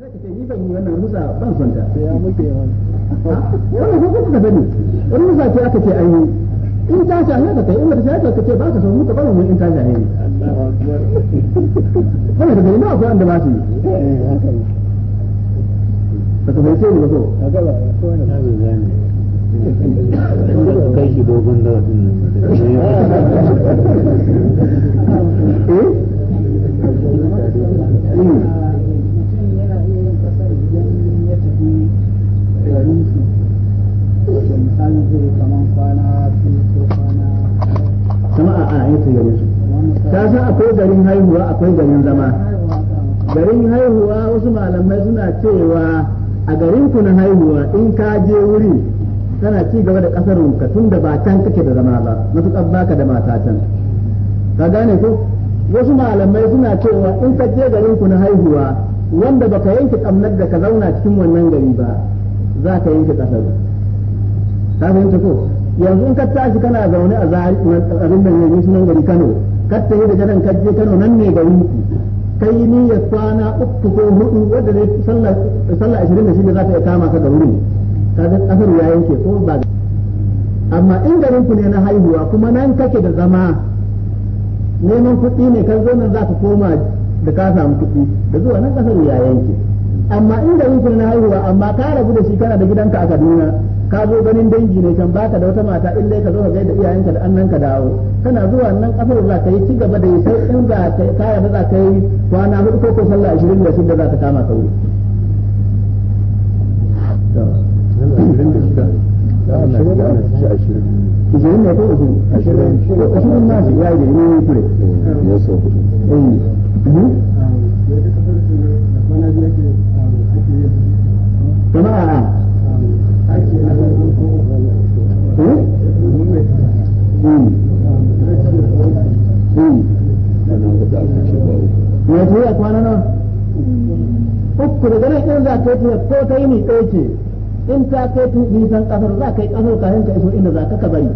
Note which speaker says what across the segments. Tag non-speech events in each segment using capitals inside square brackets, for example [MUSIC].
Speaker 1: zai ka ce ni ban yi wannan rusa ban son ta ya muke wannan ko kuka sani wani rusa ce aka ce an yi in ta shahe ka kai in wata shahe ka ce ba ka so muka bana mun in ta shahe ne wannan daga ina akwai wanda ba su yi eh, eh,
Speaker 2: ka ce ne ba so kai shi dogon da wasu garin su da
Speaker 1: misalin zai kaman kwana biyu ko kwana sama a a yanzu garin su ta san akwai garin haihuwa akwai garin zama garin haihuwa wasu malamai suna cewa a garin ku na haihuwa in ka je wuri tana ci gaba da kasar ka tun da ba can kake da zama ba matuƙar baka da mata can ka gane ko wasu malamai suna cewa in ka je garin ku na haihuwa wanda baka yanke kamnar da ka zauna cikin wannan gari ba za ka yanke kasar ka fahimta ko yanzu in ka tashi kana zaune a abin da yanzu nan gari Kano ka yi da gadon ka je Kano nan ne garin ku kai yi niyya kwana uku ko hudu wadda ne sallah sallah ne za ta kama ka da wuri ga kasar ya yanke ko ba amma in garin ku ne na haihuwa kuma nan kake da zama neman kuɗi ne kan zo nan za ka koma da ka samu kuɗi da zuwa nan ƙasar ya yanke amma inda yake na haihuwa amma ka rabu da shi kana da gidanka a Kaduna ka zo ganin dangi ne kan baka da wata mata in ka zo ka gaida iyayenka da annanka dawo kana zuwa nan kafar za ka yi ci gaba da yi sai in za ka ka da za ka yi kwana hudu ko ko sallah 26 da za ka kama ka wuri
Speaker 2: ishirin ne ko uku ashirin ashirin nasu ya yi ne ya yi kure
Speaker 1: kai ko kai ne ɗaya ce in ta kai nisan ƙasar za ka yi ƙasar kayan ka iso inda za ka bari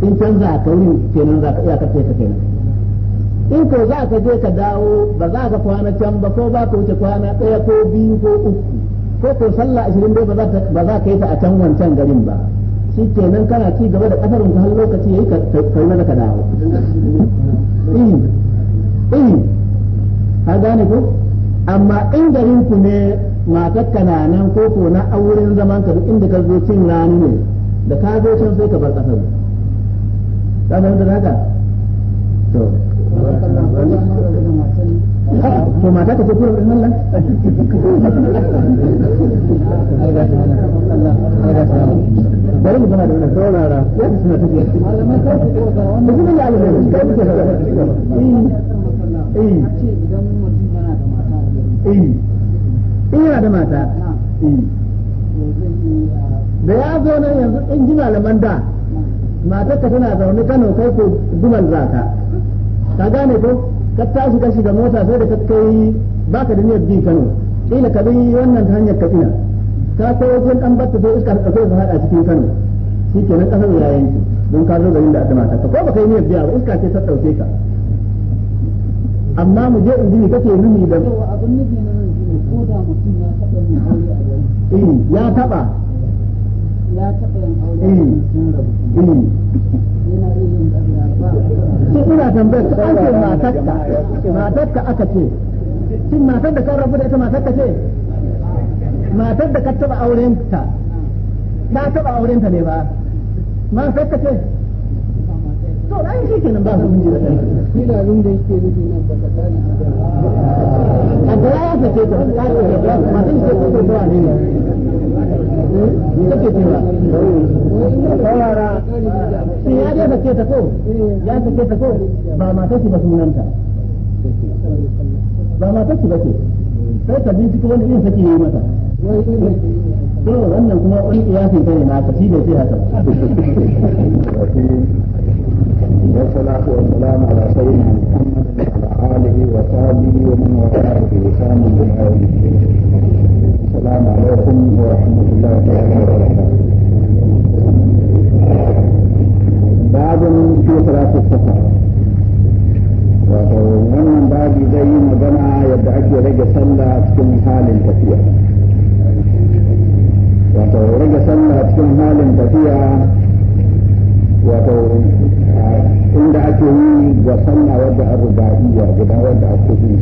Speaker 1: in canza ka wurin kenan za ka iya karfe ka kenan in ko za ka je ka dawo ba za ka kwana can ba ko ba ka wuce kwana ɗaya ko biyu ko uku ko ko sallah ashirin dai ba za ka yi ta a can wancan garin ba shi kenan kana ci gaba da ƙasar ka har lokaci yi ka kai mana ka dawo eh, eh ka gane ko amma in garin ku ne matar ka na nan ko na auren zaman ka duk inda ka zo cin rani ne da ka zo can sai ka bar kasar ina da mata da ya zo nan yanzu in ji malaman da matar ka tana zaune Kano kai ko gumal za ka ka gane ko ka tashi ka shiga mota sai da ka kai baka da niyyar bi Kano ila ka bi wannan ta hanyar ka ina ka kai wajen ɗan batta sai iska ta sai ka haɗa cikin Kano ke nan ƙasar ya yanki don ka zo garin da ta mata ka ko ka yi niyyar biya ba iska ce ta ɗauke ka amma mu je in ji kake nuni da abun
Speaker 2: nufi ya taba ya taba yin aure shi
Speaker 1: eh, eh.
Speaker 2: eh. ina tambayar ta
Speaker 1: an aka ce shin matar da kan rabu da ita matarka ce matar da ka taɓa aurenta ta taɓa aurenta ne ba matarka ce to da shi kenan ba abin da yake nufi nan
Speaker 2: ba ka gane a ga ya ta ce ta ce ta ma sai ce ko ba ne ne take kawara shi ya ta ko ya ta
Speaker 1: ko ba mata ki ba ta ba mata ki ba ce sai ka bincika wani irin take yi mata to wannan kuma wani kiyasin ta na ka shi da ce haka [LAUGHS] والصلاة والسلام على سيدنا محمد وعلى آله وصحبه ومن والاه بإحسان إلى يوم
Speaker 2: السلام عليكم ورحمة الله تعالى وبركاته. باب في صلاة السفر.
Speaker 1: wato wannan babi zai yi magana yadda ake حال sallah cikin halin tafiya حال rage sallah cikin halin tafiya wato inda ake yi ga sallah wadda an rubaiya guda wadda ake yi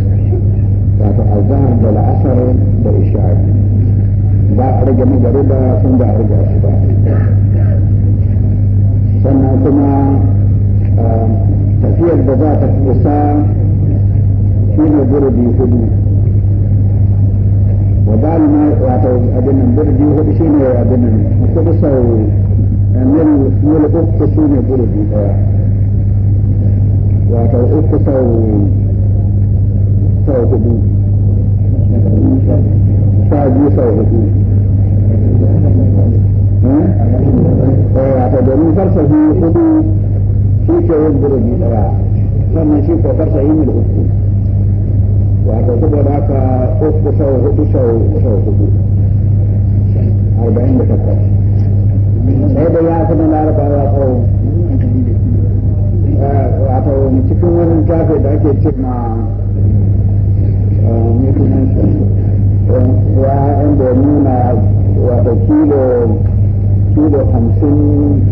Speaker 1: wato azhar da la'asar da isha'i ba a rage magariba sun ba a rage su ba sannan kuma tafiyar da za ta kusa shi ne burbi hudu wa ba wato abin nan burbi hudu shi ne abin nan kudu sau mil uku shi ne burbi daya wato uku sau sau hudu sha biyu sau hudu eh? Eh, wato domin farsahi hudu shi ke yin burbi daya sannan shi ko farsahi mil uku wato saboda haka uku sau hudu sau hudu arba'in da takwas sai da ya sanar larabawa eh, Wata wani cikin wani kafe da ake ce ma eh, ya inda nuna wata kilo kilo hamsin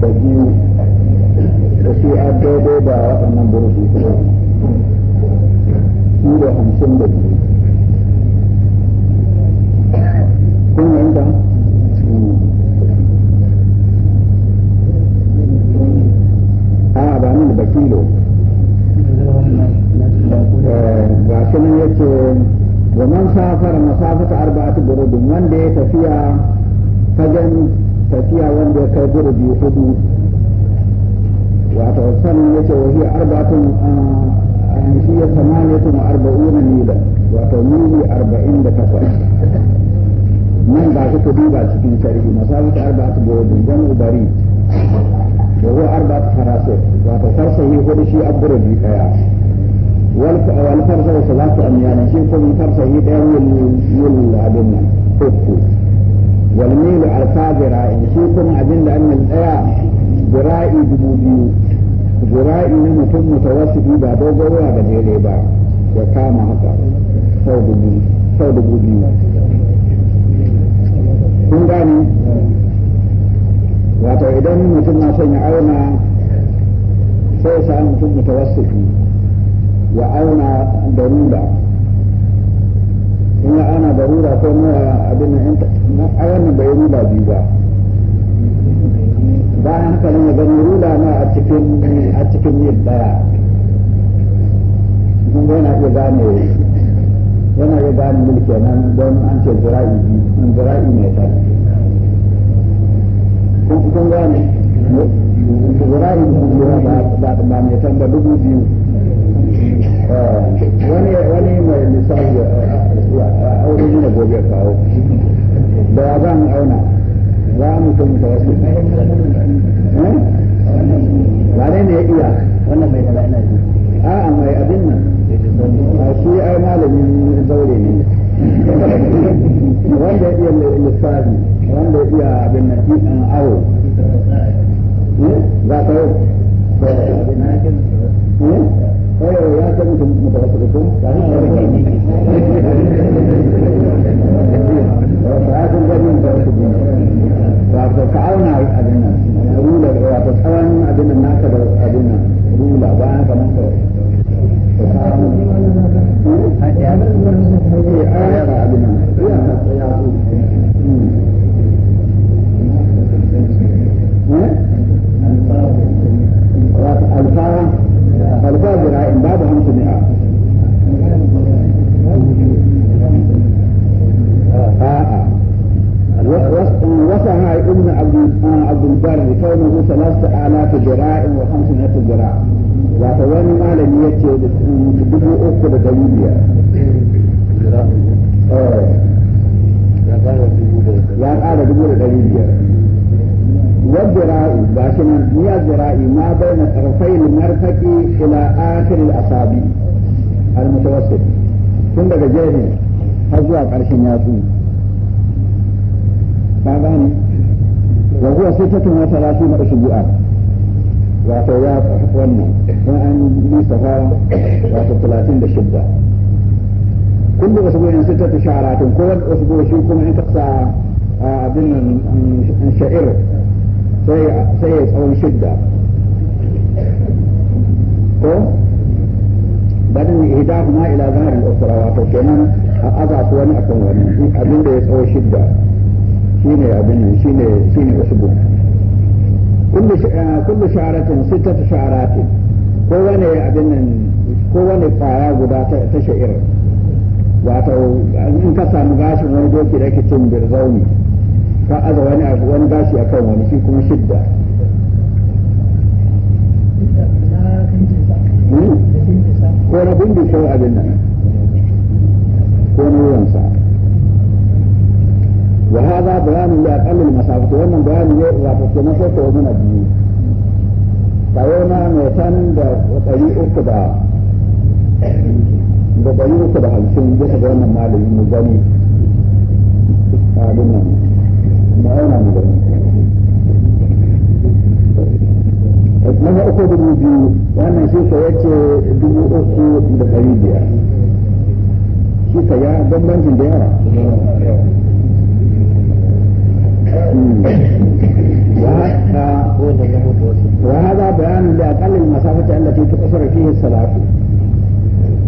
Speaker 1: da biyu da su a daidai da waɗannan
Speaker 2: burbi kilo hamsin da biyu
Speaker 1: kun yi yanda a ba ni da bakilo
Speaker 2: ba eh,
Speaker 1: shi nan yace wa man safara masafata arba'atu burudun wanda ya tafiya fagen tafiya wanda ya kai burudi hudu wato san sannan yace wa hiya arba'atun ah, ah, shi ya samaniyatun wa arba'una mila wato mili arba'in da takwas nan ba su duba cikin sharhi masafata arba'atu burudun jan ubari وهو أربعة حراسات وفرسه هو شيء أكبر بكايا والفرسه ثلاثة أميال يعني شيء من فرسه يول يول أبنا أكو والميل ألفا ذراع يعني شيء كم أبن لأن الآية ذراع دبوبيو ذراع نمتم متوسط إذا دوبوا وغجيري با وكام هكا صوت دبوبيو kun gane wato idan mutum na son ya auna sai ya samu mutum mutawassiti ya auna darura in ya auna darura ko nuna abin nan a wannan bai ruda biyu ba bayan haka nan ya gani ruda na a cikin a cikin mil daya kun ga yana iya gane yana iya gane mulki nan don an ce zira'i biyu zira'i mai tarihi kun kun gane zurari ba ba mai tamba dubu biyu wani wani mai misali ya aure ne gobe kawo da ba mu auna za mu tun ta wasu wane ne ya iya wannan mai ina ne a'a mai abin nan shi ai malamin zaure ne wanda ya iya lissafi wanda ya iya abin na fi an awo eh? za ka eh? ya ka auna abin nan rula tsawon abin nan naka da abin nan rula bayan
Speaker 2: kamar ka ka الفاظ
Speaker 1: الفاظ رائع بعضها متنوعه ابن عبد عبد البر بكونه ثلاثة آلاف ذراع وخمسمائة ذراع wata wani malami ya ce dubu uku da dari biyar ya ƙara dubu da dari biyar والذراعي ma bai na ما بين طرفي ila إلى آخر الأصابع المتوسط tun daga jerin har zuwa ƙarshen yatsu ba gane wa huwa sittatun rafi na usbu'a wato ya wannan in an lissafa wato talatin da shidda kullu usbu'in sittatu sha'aratin ko wani usbu shi kuma in kasa abin nan sha'ir sai sai ya tsawon shidda ko badin ihdahuma ila zahar al-ukhra wato kenan a aza su wani akan wani abin da ya tsawo shidda shine abin nan shine shine usbu' كل آه، كل شعرة ستة شعرات كوانا أبنن كوانا قايا غدا تشعر واتو يعني إن كسا مغاش موجو كي ريكي تنبر زوني فأذا وانا أبوان غاشي أكو واني في كم شدة hmm? كونا بندي شو أبنن كونا وانسان وهذا بيان لأقل المسافة وأن بيان لأقل مسافة ومن الدين فيونا ميتان وطريق كدا وطريق كدا حلسين جسد وأن المال المجاني أعلمنا معنا مجاني na uku dubu biyu wannan shi ka yace dubu uku da ɗari biyar shi ka ya bambancin da yawa وهذا بيان لأقل المسافة التي تقصر فيه الصلاة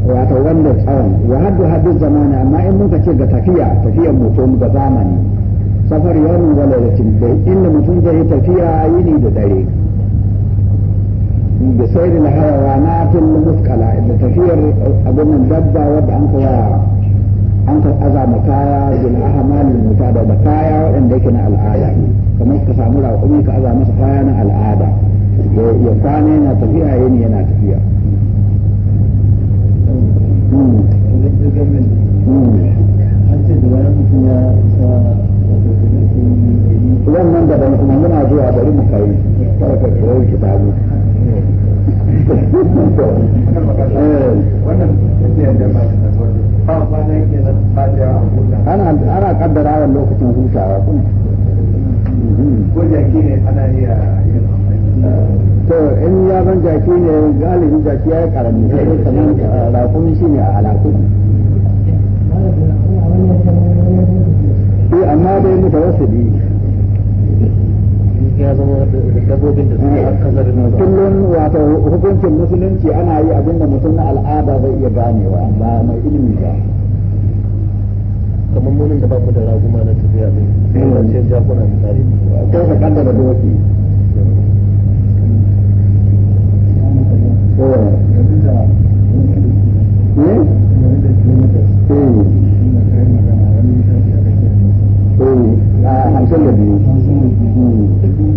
Speaker 1: ويتولد الصوم وهد هذا الزمان أما إن من كثير تفيع تفيع مصوم بزمن سفر يوم ولا تنتهي إن مصوم ده تفيع عيني دتاري بسير الحيوانات المثقلة إن تفيع أبو من دبة وبعنقوا an aza azama kaya bin ahmalin mutada da kaya waɗanda yake na al'ada kamar ka samu raƙumi ka aza masa kaya na al'ada ya kwana yana tafiya yini yana tafiya
Speaker 2: hmm. Hmm. wannan daban kuma muna
Speaker 1: zuwa bari mu kai ka kitabu ana kaddara wa lokacin hutawa kuma ko jaki
Speaker 2: ne ana iya
Speaker 1: to in ya zan jaki ne galibin jaki ya yi karami sai kamar eh, rakumi shi ne a da eh, amma dai mutawassili ya zama dabbobin da suke kasar nan kullum wato hukuncin musulunci ana yi abin da mutum na al'ada zai iya ganewa ba mai ilimi ba kamar munin da babu da raguma na tafiya ne sai da ce jakuna da misali ko ka da
Speaker 2: doki eh? Eh. Eh, hamsin da biyu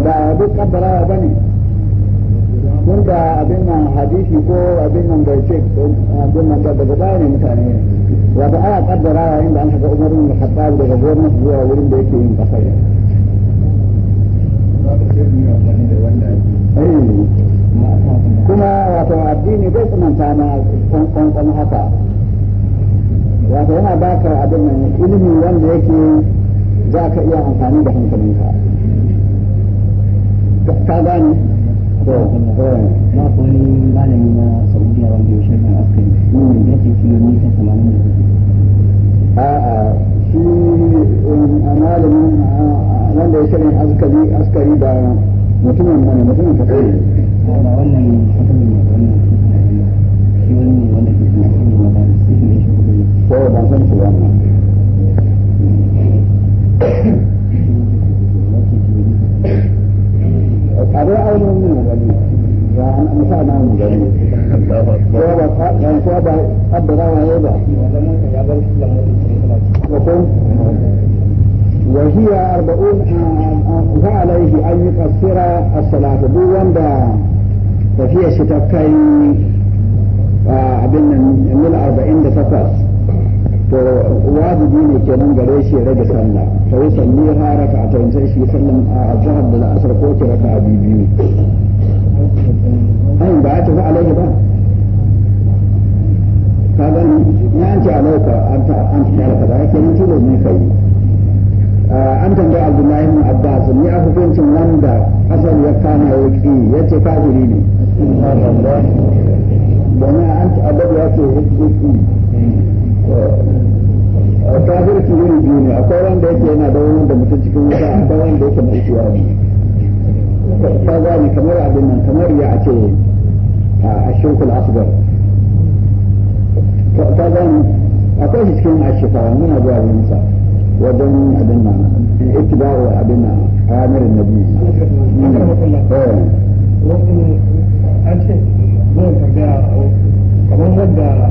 Speaker 1: ba duk kaddarawa ba ne kun da abin nan hadisi ko abin nan da ce abin nan da daga baya ne mutane wato ana kaddarawa inda an shiga umarin da khattab daga gwamnati zuwa wurin da yake yin kasar eh. kuma wato addini bai tsananta na kwankwan haka wato yana baka abin nan ilimi wanda yake za ka iya amfani da hankalinka ka gani ko na wani malami na
Speaker 2: saudiya wanda ya shirya askari ya ce kilomita
Speaker 1: shi um, malamin wanda ya askari askari mutumin mutumin ta kai
Speaker 2: wannan shi wani ne wanda ke kuma kuma wanda shi ko ban san su [COUGHS]
Speaker 1: هذا أول من الجميع ومشاهد عن الجميع وهو قد قد روى أيضا وهي أربعون فعليه أن يقصر الصلاة دون وندا ففي شتكي abin nan mil to wajibi ne kenan gare shi ya rage sallah ta yi ya ha raka a tayin sai shi sallan a jihar da na'asar ko kira ka a biyu ayin ba ya tafi alaihi ba ka gani ya an ce alaika an ta an ta ba ya yake nan tilo ne kai an tambaya abdullahi ibn abbas ni a hukuncin wanda asar ya kama ya ki yace kafiri ne domin an ta abu ce ya ki kafirci iri biyu ne akwai wanda yake yana da wani da mutum cikin wuta akwai wanda yake mai ciwa ne kamar abin nan kamar ya a ce a shirkul asgar ka gane akwai shi cikin ashifa muna zuwa wajen abin nan abin nan amirin nabi eh.
Speaker 2: an ce zai
Speaker 1: kamar wanda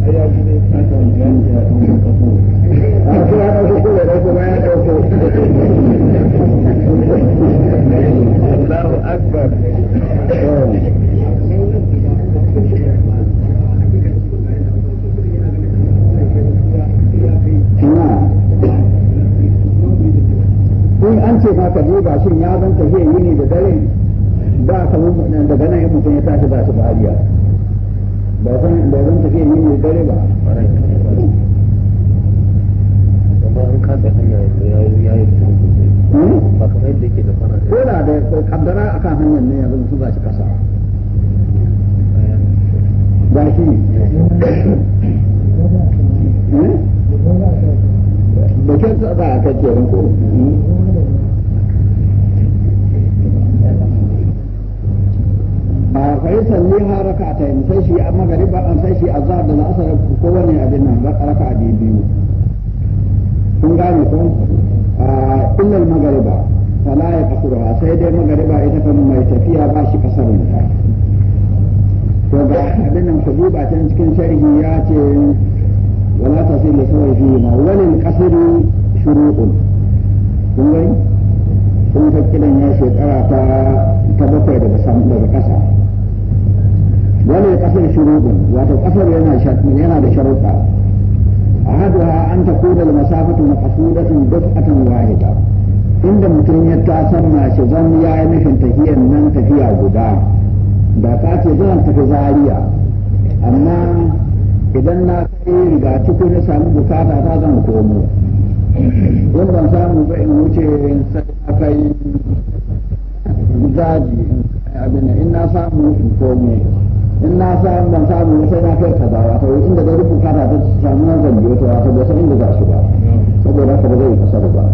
Speaker 2: الله أكبر
Speaker 1: kun an ce ma ka duba shin ya zanta zai yi ne da dare ba kamar daga nan mutum ya tashi ba su ba zan ba zan tafiya ne dare ba amma an kasa hanya yanzu ya yi hmm? ba kamar yadda yake da fara ko da da kaddara akan hanyar ne yanzu kasa ba shi hmm? ba kyan mazhabi biyu kun gane ko a kullal magariba fala ya kasurwa sai dai magariba ita kan mai tafiya ba shi kasar ta to ga abin nan ku duba can cikin sharhi ya ce wala ta da sawai fi ma walil kasuru shuru'un kun gani kun ga kidan ya shekara ta ta bakwai daga sam daga kasa wani kasar shuru'un wato kasar yana yana da sharuɗa أحدها أن تكون المسافة مقصودة atan واحدة inda mutum ya tasamma shi zan ya yi nufin tafiyan nan tafiya guda da ka zan tafi zariya amma idan na kai riga ciko na samu bukata ta zan
Speaker 2: komo in
Speaker 1: ban samu ba in wuce sai na kai zaji in na samu in komo in na sa ban samu sai na kai kaza wato inda da rubuta ta ta samu na zan biyo ta wato ba san inda za su ba saboda haka ba zai kasar ba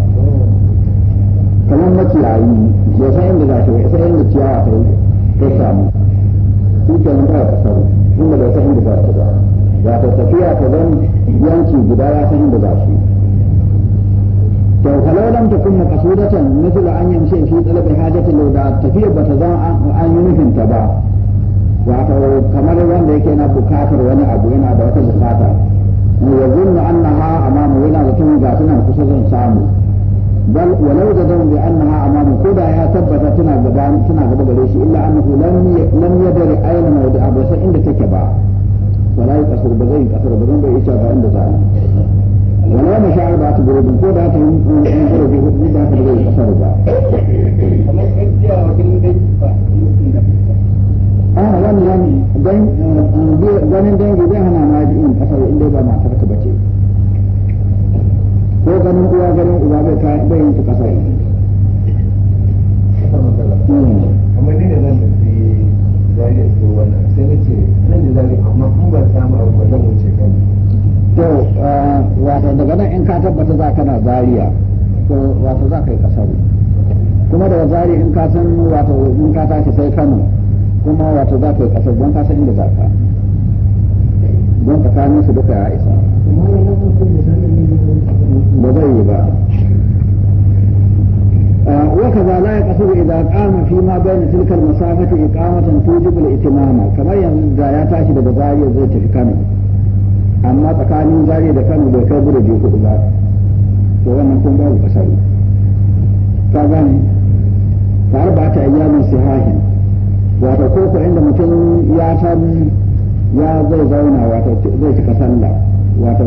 Speaker 1: kamar makiyayi ya san inda za su ba sai inda ciya ta ta samu su ke nan ba kasar inda ba san inda za su ba wato tafiya ta zan yanki guda ya san inda za su to kalau lam takun maqsudatan mithla an yamshi fi talab hajati law da tafiya bata zan an yi nufinta ba wato kamar wanda yake na bukatar wani abu yana da wata bukata mu ya zunnu annaha amamu yana da tun ga suna kusa zan samu bal walau da dan bi annaha amamu ko da ya tabbata tana gaba tana gaba gare shi illa annahu lam lam yadri ayna mawdi abu sai inda take ba wala yaqsur ba zai yaqsur ba zan bai ita ba inda za ni wala ma sha'a ba ta gurbin ko da ta yi in gurbin da ta zai yaqsur ba
Speaker 2: kamar hajjiya wa kin dai ba
Speaker 1: a wannan eh, eh, ganin dangi zai hana ma yin kasar dai ba matar bace ko ganin uwa ganin uba bai ka bai yin kasar
Speaker 2: hmm. amma da nan da zai so wannan sai
Speaker 1: nan da zai amma ba samu abu wannan wuce to eh, daga nan in ka tabbata za zariya za ka yi kasar kuma daga zari in ka san in ka tashi sai Kano kuma wato za ka yi kasar don kasar inda za ka don tsakanin su duka ya isa
Speaker 2: ba zai yi ba
Speaker 1: وكذا لا يقصد إذا قام فيما بين تلك المسافة إقامة توجب الإتمام كما يزيد يا تاشي da zari zai tafi Kano amma tsakanin zari da Kano bai kai burje hudu ba to wannan kun babu kasari ka gane ta arba ta ayyamin sihahin wato ko ko inda mutum ya san ya zai zauna wato zai cika sallah wato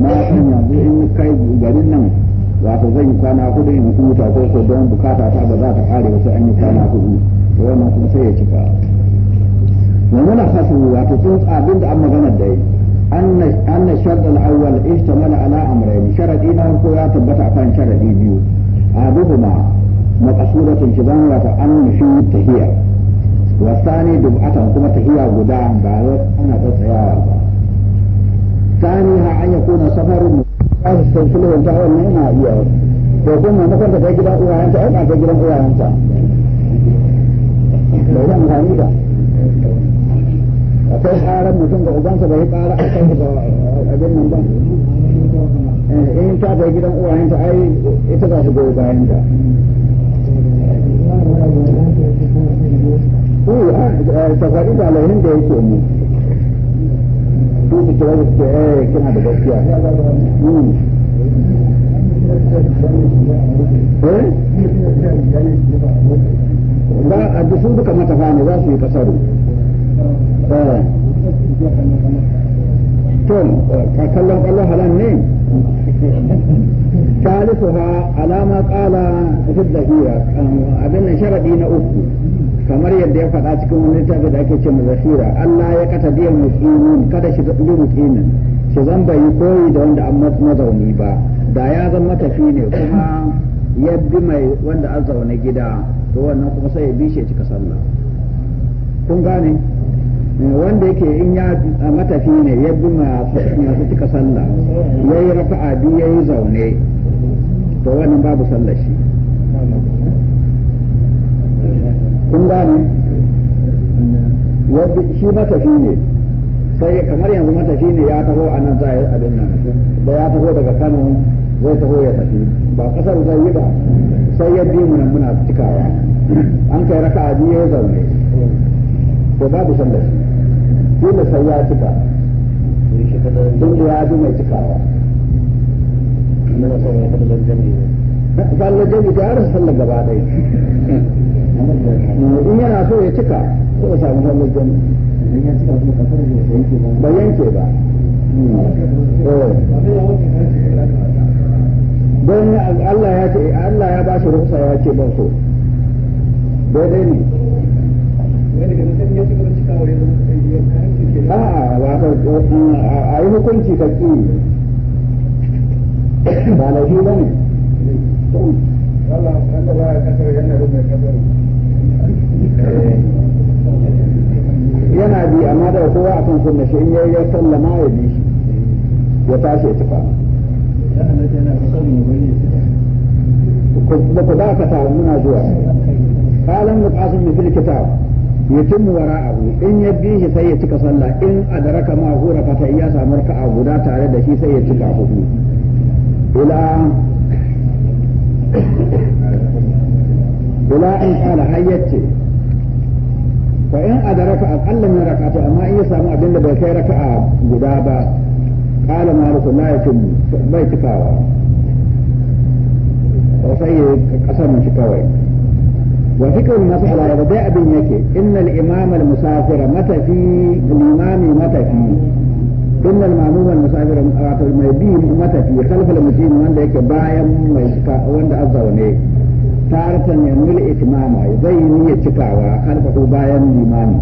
Speaker 1: na san yanzu in kai garin nan wato zan yi kwana hudu in huta ko ko don bukata ta ba za ta kare wasu an yi kwana hudu to wannan kuma sai ya cika wa muna hasu wato tun abin da an magana da yi أن أن الشرط الأول ya على أمرين شرطين أو يا تبتع كان شرط بيو أحدهما مقصورة wata an في التهيئة wasani dub'atan kuma tahiya guda ba ana tsatsayawa ba sani ha an kuna safarin mu ba su san sai sulhun ta ne yana iya ko kuma makon ta gidan uwayenta ai ba ta gidan uwayenta
Speaker 2: da idan amfani da
Speaker 1: akwai tsarin mutum ga ubansa bai ƙara a kan da a nan ba eh, in ta bai gidan uwayenta ai ita za su goyi ta tafaɗi da launin da yake mu su kira da suke eh kina da gaskiya ba a dusu duka matafa ne za su yi kasaru tom ka kallon kallon halan ne ثالثها على ما قال في الظهيرة أبن شرعي أخو kamar yadda ya faɗa cikin wani littafi da ake ce mu zafira Allah ya kata biyan mutsinin kada shi zaɓi mutsinin shi zan bai yi koyi da wanda an mazauni ba da ya zan matafi ne kuma ya bi mai wanda an zaune gida to wannan kuma sai ya bi shi cika sallah kun gane wanda yake in ya matafi ne ya bi masu cika sallah ya yi rafa'a biyu ya yi zaune to wannan babu sallah shi kun gane wadda shi matafi ne sai kamar yanzu matafi ne ya taho a nan za a yi abin nan da ya taho daga kano zai taho ya tafi ba kasar zai yi ba sai ya bi nan muna cikawa an kai raka a biyu ya zaune to babu san da shi da sai ya cika don ya bi mai cikawa sallar jami'i ta yarasa sallar gaba ɗaya cika ko a samu hannun jami ya ba yanke hmm. oh. Allah ya ce Allah ya ba shi ya ce ban so daidai ne hmm, a yi hukunci ka ba ba ne hmm. yana bi amma da kowa a kan sunna shi in yayi ya sallama ya bi shi ya tashi ya tafa ba ku dakata muna zuwa qalan muqasim fil kitab yatim wara'ahu in ya bi shi sai ya cika sallah in adraka ma hura fata ya samu raka'a guda tare da shi sai ya cika hudu ila [COUGHS] ila in qala hayyace fa in adraka aqalla min rak'ati amma in ya samu abin da bai kai raka'a guda ba qala malik la yatim bai cikawa wa sai kasar shi kawai wa fikrul mas'ala ya dai abin yake innal imam al musafir matafi limami matafi إن المعلومة المسافر ما بين متى في خلف المسلم وأن ذلك بايم وأن أظهر taratan ya mil itimama zai yi niyyar cikawa karfafo bayan limani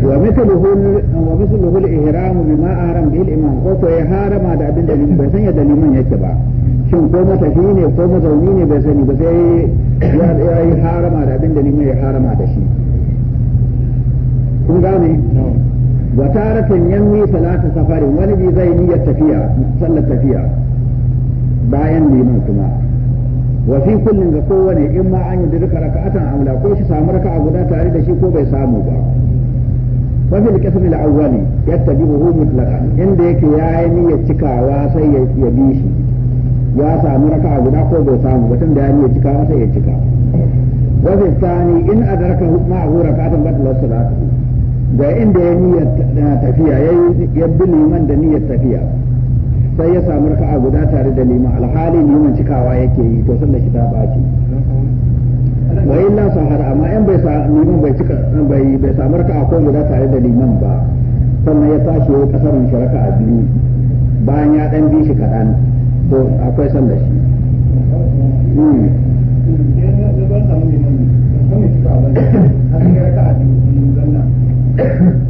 Speaker 1: wa mithluhu al-ihram bima ahram bil iman ko ko ya harama da abin da bai san yadda liman yake ba shin ko matafi ne ko mazauni ne bai sani ba sai ya yi harama da abin da liman ya harama da shi kun gane wa taratan yanwi salata safarin wani bi zai niyyar tafiya sallar tafiya bayan liman kuma wa fi kullin ga kowane in ma an yi duka raka'atan amla ko shi samu raka'a guda tare da shi ko bai samu ba wa fil qism al awwali yattabihu mutlaqan inda yake yayi niyyar cikawa sai ya bi shi ya samu raka'a guda ko bai samu ba tunda ya niyyar cikawa sai ya cika wa fi thani in adraka ma'ahu raka'atan batala salatu da inda ya niyyar tafiya yayi ya bi liman da niyyar tafiya sai ya samu raka'a guda tare da liman alhalin liman cikawa yake yi to sallar shi ta baci wa illa sahara amma in bai sa liman bai cika bai bai samu raka'a ko guda tare da liman ba sannan ya tashi ya kasarin shi raka'a biyu bayan ya dan bi shi kaɗan to akwai sallar shi Thank hmm. you.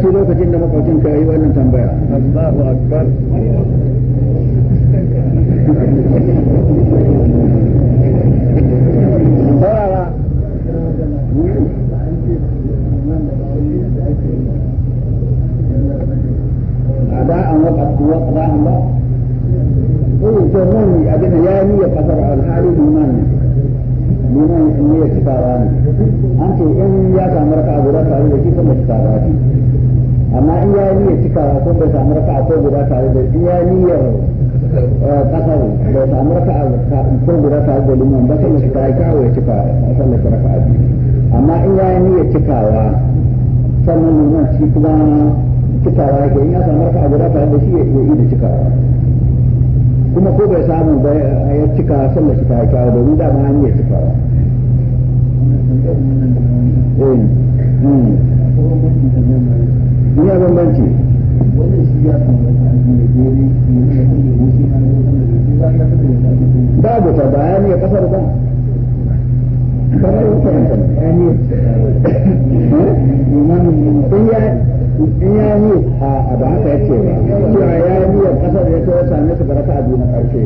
Speaker 1: ce lokacin da makwacin ka yi wannan tambaya. Allahu Akbar. ya samu raka abu raka abu da shi sama shi tara ne amma in ya niyya cikawa ko bai samu raka'a ko guda tare da in ya niyyar eh, kasar ko guda tare da liman ba sai shi kai kawo ya cika sallar ya cikawa sannan liman shi kuma cikawa yake in ya samu guda tare da yi ba ya cika sallar
Speaker 2: ya bambanci wannan ya babu
Speaker 1: ta ya kasar ba in ya yi a ba haka ya ce ba ya yi niyyar kasar ya same su raka biyu na karshe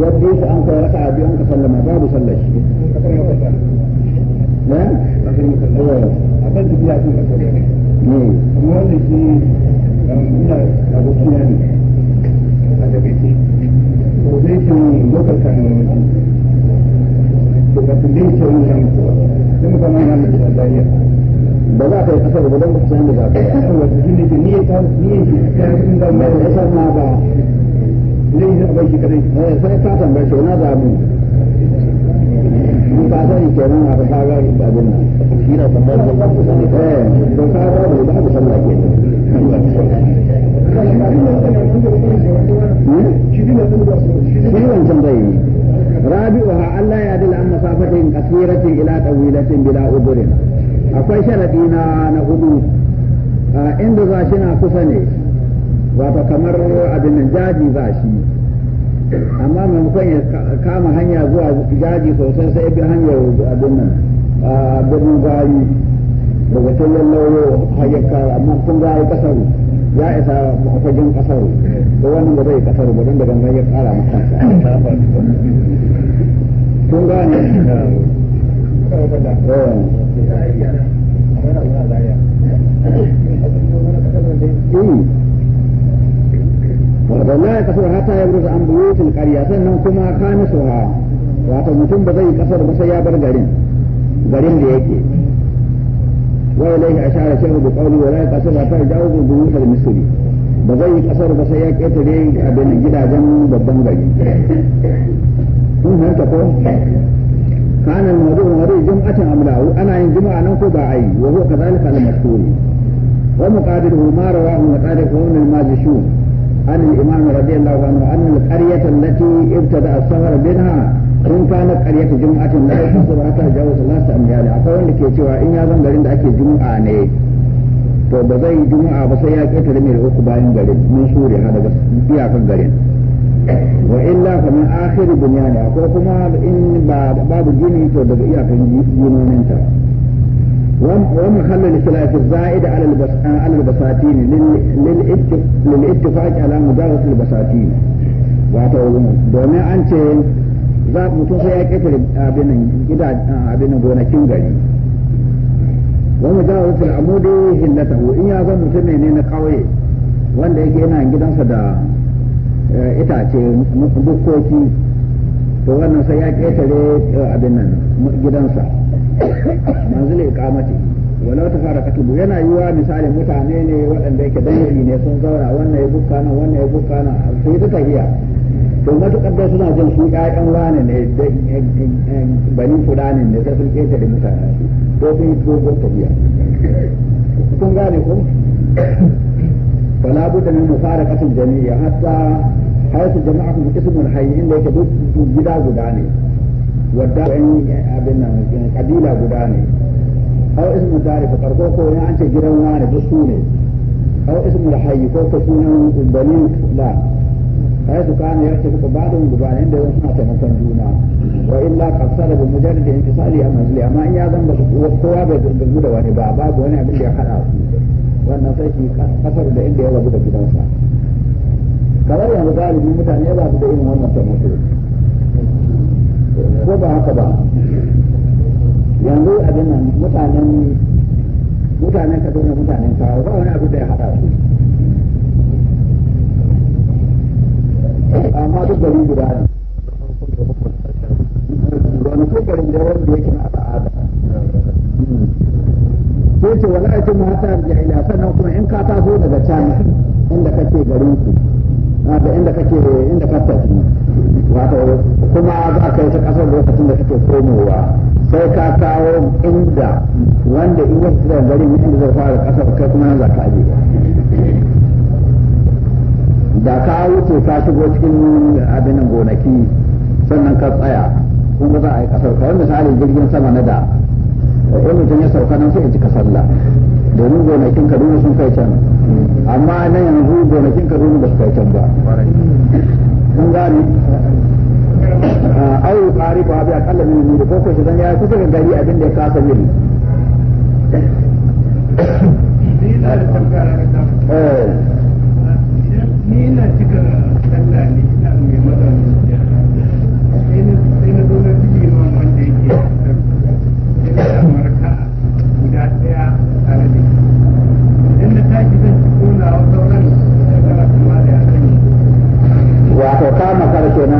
Speaker 1: yadda bi an a an sallama babu sallar shi a kan tafiya ce kuma wanda ke ina abokina ne a takaice ko zai ce wani lokal kan to ka tunde ce wani ya mutu sai mu kama yana da zariya ba za ka yi kasar da don ba san da za ka yi wata shi da ni oh, ya ta ni ya shi ta sun da mai ya san na ba zai yi abin shi kadai sai ka tambaye shi wani zamu ka sani kenan a ka ga abin nan shi na kuma da ba ku sani ba to ka ga da ba ku sani ke
Speaker 2: shi ne?
Speaker 1: wancan bai ha Allah ya dila an masafatin kasiratin ila tawilatin bila udurin akwai sharadi na na hudu inda za shi na kusa ne wato kamar abin nan jaji za shi amma maimakon ya kama hanya zuwa jaji sosai sai bi hanyar abin nan a birnin gwari daga can lallawo hayyaka amma kun gwari kasaru ya isa fagen kasaru da wannan ba zai kasaru ba don da gangan ya kara makansa kun gane Eh. wala ya kaso hata ya burza an buyutul qarya sannan kuma kana suha wato mutum ba zai kasar ba sai ya bar garin garin da yake wa ilayhi ashara shehu bi qawli wala ya kaso hata ya bi buyutul misri ba zai yi kasar ba sai ya ketare abin gidajen babban gari kun hanta ko kana al-mawdu'u mawdu'u jum'atin amla'u ana yin jum'a nan ko ba ai wa huwa kadhalika al-mashhur wa muqadiruhu ma rawahu wa tarifu min al-majshum عن الإمام رضي الله عنه أن القرية التي ابتدأ السفر منها إن كانت قرية جمعة لا يحصل حتى يجاوز ثلاثة أميال أقول لك cewa in ya zan garin da ake juma'a ne to ba zai juma'a ba sai ya ƙetare da uku bayan garin mun shure ha daga iyakan garin wa illa fa min akhir bunyani ko kuma in ba babu gini to daga iyakan ginoninta ومحل الخلاف الزائد على على البساتين للاتفاق على مجاوزة البساتين wato domin an ce za mutum sai ya ƙetare abin gonakin gari wa mujawazatul amudi hillatahu in ya zan mutum ne na kauye wanda yake yana gidansa da itace bukkoki to wannan sai ya ƙetare abin nan gidansa manzilin kamati wala ta fara katubu yana yiwa misali mutane ne waɗanda yake dangi ne sun zauna wannan ya bukka nan wannan ya bukka nan su yi ta to matuƙar dai suna jin su ƴaƴan wani ne banin fulani ne sai sun da mutane to sun yi dogon tafiya kun gane ko fala budda min mufaraqatil jami'a hatta hayatu jama'akum ismun hayy inda yake duk gida guda ne wadda abin nan kabila guda ne au ismu dari fa farko ko ya an ce gidan wani duk su ne au ismu da hayyi ko ko sunan bani la kai su kana ya ce kuka ba'dun gubanin da suna taimakon juna wa illa qasara bi mujarrad intisali amma jili amma in ya zan ba kowa bai gurgurgu da wani ba babu wani abin da ya hada su wannan sai ki kasar da inda ya rabu da gidansa kamar yanzu galibin mutane ba su da irin wannan taimako ko ba haka ba yanzu abin nan mutanen mutanen kaduna mutanen kawo ba wani abu da ya haɗa su amma duk gari guda ne wani ko garin da wanda yake na al'ada sai ce wala ya ce mata jahila sannan kuma in ka taso daga can inda kake garin ku da inda kake inda ka tafi wato kuma za ka yi ta kasar lokacin da kake komowa sai ka kawo inda wanda in ya fita garin inda zai fara kasar kai kuma za ka aje da ka wuce ka shigo cikin abin gonaki sannan ka tsaya kuma za a yi kasar kawai misali jirgin sama na da in mutum ya sauka nan sai ya kasar sallah domin gonakin kaduna sun kai can amma nan yanzu gonakin ka zuwa ba su kai can ba kun gani ah, au ƙari ba biya bi ne ne da ko shi zan ya kusa ga gari abin da ya kasa yin eh.
Speaker 2: eh. ni ina cika sallah ne ina mai matsalolin sai na zo na cikin wanda yake da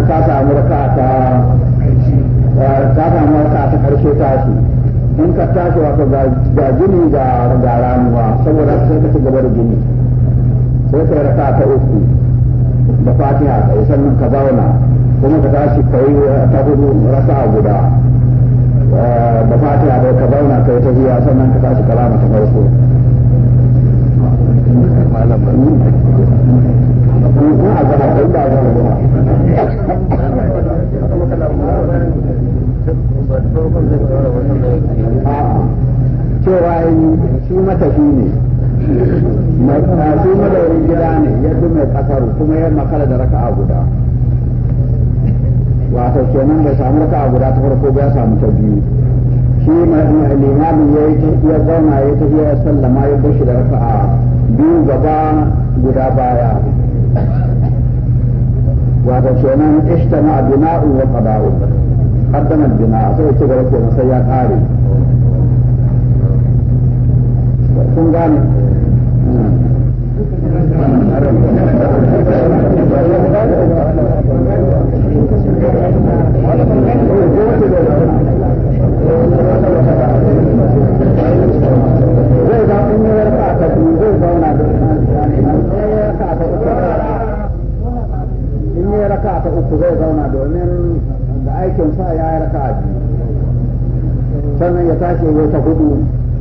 Speaker 1: ta eh, samu raka ta ta samu raka ta karshe tashi in ka tashi wato ga gini ga ga ramuwa saboda sai ka ci gaba da gini sai ka raka ta uku da fatiha kai sannan ka zauna kuma ka tashi kai eh, ta hudu raka guda eh, da fatiha da ka zauna kai ta hiya sannan ka tashi kalama ta farko cewa yi shi matafi ne shi madaurin gida ne ya fi mai kuma ya makala da raka'a guda wato kenan bai samu raka'a guda ta farko ba ya samu ta biyu shi limamin ya yi ya zauna ya tafiya ya sallama ya bashi da raka'a biyu gaba guda baya وتشينا اجتمع بناء وقضاء قدم البناء سوى تقول كون سيا قاري
Speaker 2: kun gane Thank you.
Speaker 1: raka uku zai zauna domin da aikin sa ya yi raka sannan ya tashi ya ta hudu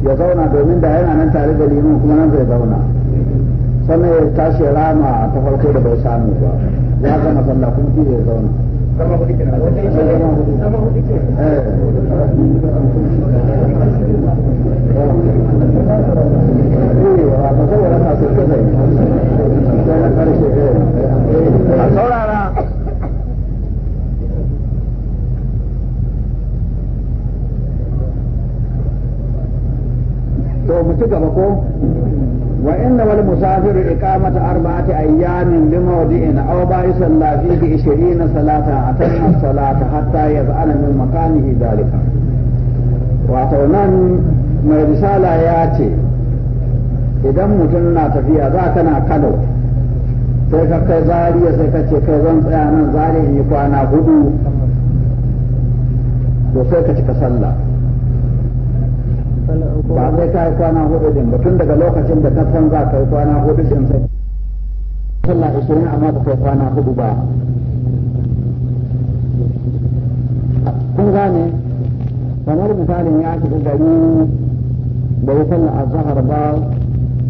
Speaker 1: ya zauna domin da yana nan tare da limon kuma nan zai zauna sannan ya tashi rama ta farko da bai samu ba ya gama sallah kuma zai zauna
Speaker 2: Sama hudu kenan hudu
Speaker 1: kenan eh to mu ci gaba ko wa inna wal musafiru iqamata arba'ati ayyamin bi mawdi'in aw ba'isan la bi 20 salata atamma salata hatta yaz'ala min makanihi dalika wato nan mai risala ya ce idan mutum na tafiya za kana kano sai ka kai zariya sai ka ce kai zan tsaya nan zariya in yi kwana hudu to sai ka cika sallah
Speaker 2: ba sai ka yi kwana hudu din ba tun daga lokacin
Speaker 1: da ka san za ka yi kwana hudu din sai sallah ishirin amma ba kai kwana hudu ba kun gane kamar misalin ya shiga gari da ya sallah azhar ba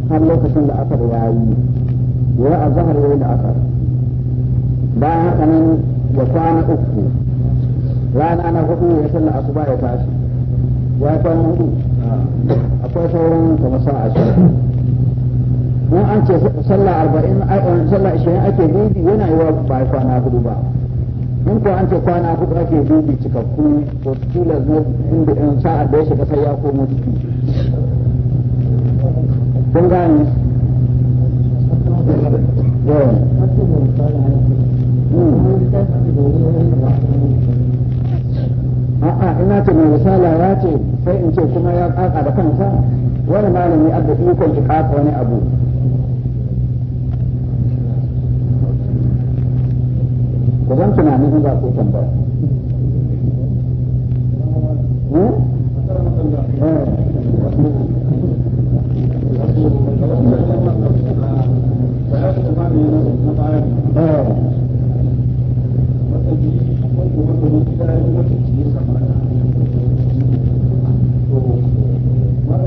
Speaker 1: har lokacin da asar ya yi ya azhar ya yi da asar bayan haka nan ya kwana uku rana na hudu ya sallah asuba ya tashi ya kwana hudu akwai sauran kamar sa'a shi mun an ce sallah arba'in sallah ashirin ake dubi yana yi wa ba kwana hudu ba in ko an ce kwana hudu ake dubi cikakku ko tilas na inda in sa'ar da ya shiga sai ya komo ciki
Speaker 2: kun gane yawan hmm.
Speaker 1: a'a ina ce mai misala ya ce sai in ce kuma ya kaka da kansa wani malami abda ikon ki kaka wani abu ku zan tunanin in za ku tambaya
Speaker 2: Thank hmm? you. Eh. Eh.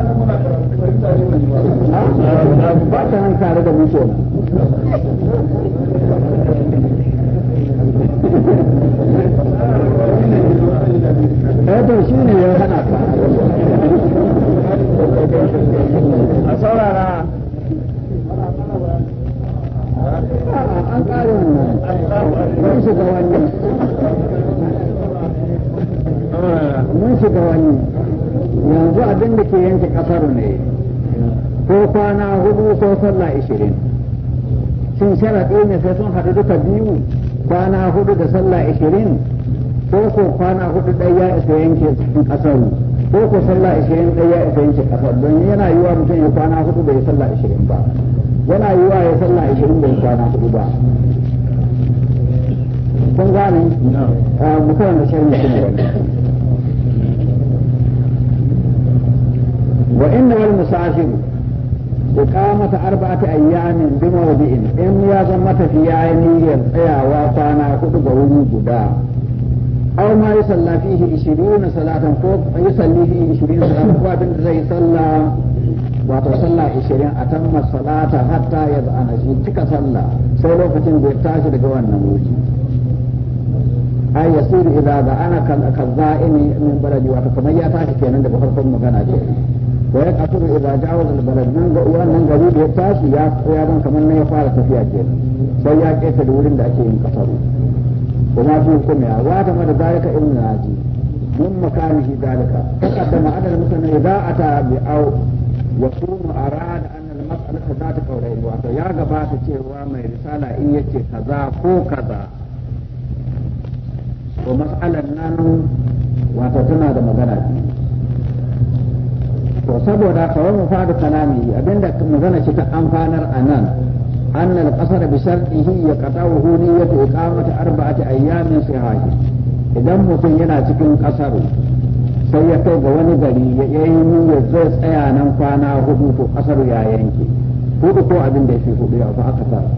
Speaker 2: ba ta nan tare da mutuwa
Speaker 1: Eto eh, shi ne ya hana ta. A saurara. An ƙare wannan. Mun shiga wani Mun shiga yanzu abin da ke yanke kasar ne ko kwana hudu ko sallah ishirin shara sharaɗi ne sai sun haɗu duka biyu kwana hudu da sallah ishirin ko ko kwana hudu ɗaya ya isa yanke cikin kasar ko ko sallah ishirin ɗaya ya isa yanke kasar don yana yiwuwa mutum ya kwana hudu bai sallah ishirin ba yana yiwuwa ya sallah ishirin bai kwana hudu ba kun gane ah, mutum da shirin shi ne وإنما المساجد إقامة أربعة أيام بموضع إن يا زمة في عيني القيا وطانا كتب وجودا أو ما يصلى فيه عشرين صلاة فوق يصلي فيه عشرين صلاة فوق بنت زي صلى وتصلى عشرين أتم الصلاة حتى يضعن شيء تك صلى فتن بيرتاج لقوان نموذج أي يصير إذا da ana من بلدي min baladi wa kamar ya مغانا جيري wa ya kasuru idza jawaza albalad nan ga uwan nan gari da ya tashi ya ya ban kamar na ya fara tafiya kenan sai ya keta da wurin da ake yin kasaru kuma su kuma ya wata mada zalika na naji mun makamihi zalika taqaddama adal musanna idza ata bi au wa da arada an almas'alata zata qawlayn wato ya gabata cewa mai risala in yace kaza ko kaza to mas'alan nan wato tana da magana biyu to saboda kawai mu fara kalami abinda magana shi ta amfanar anan أن القصر بشرطه يقطعه نية ya أربعة sai صحاحه idan mutum yana cikin kasar sai ya kai ga wani gari ya yi ya zai tsaya nan kwana hudu to kasar ya yanke hudu ko abin da ya fi hudu ya fi aka tara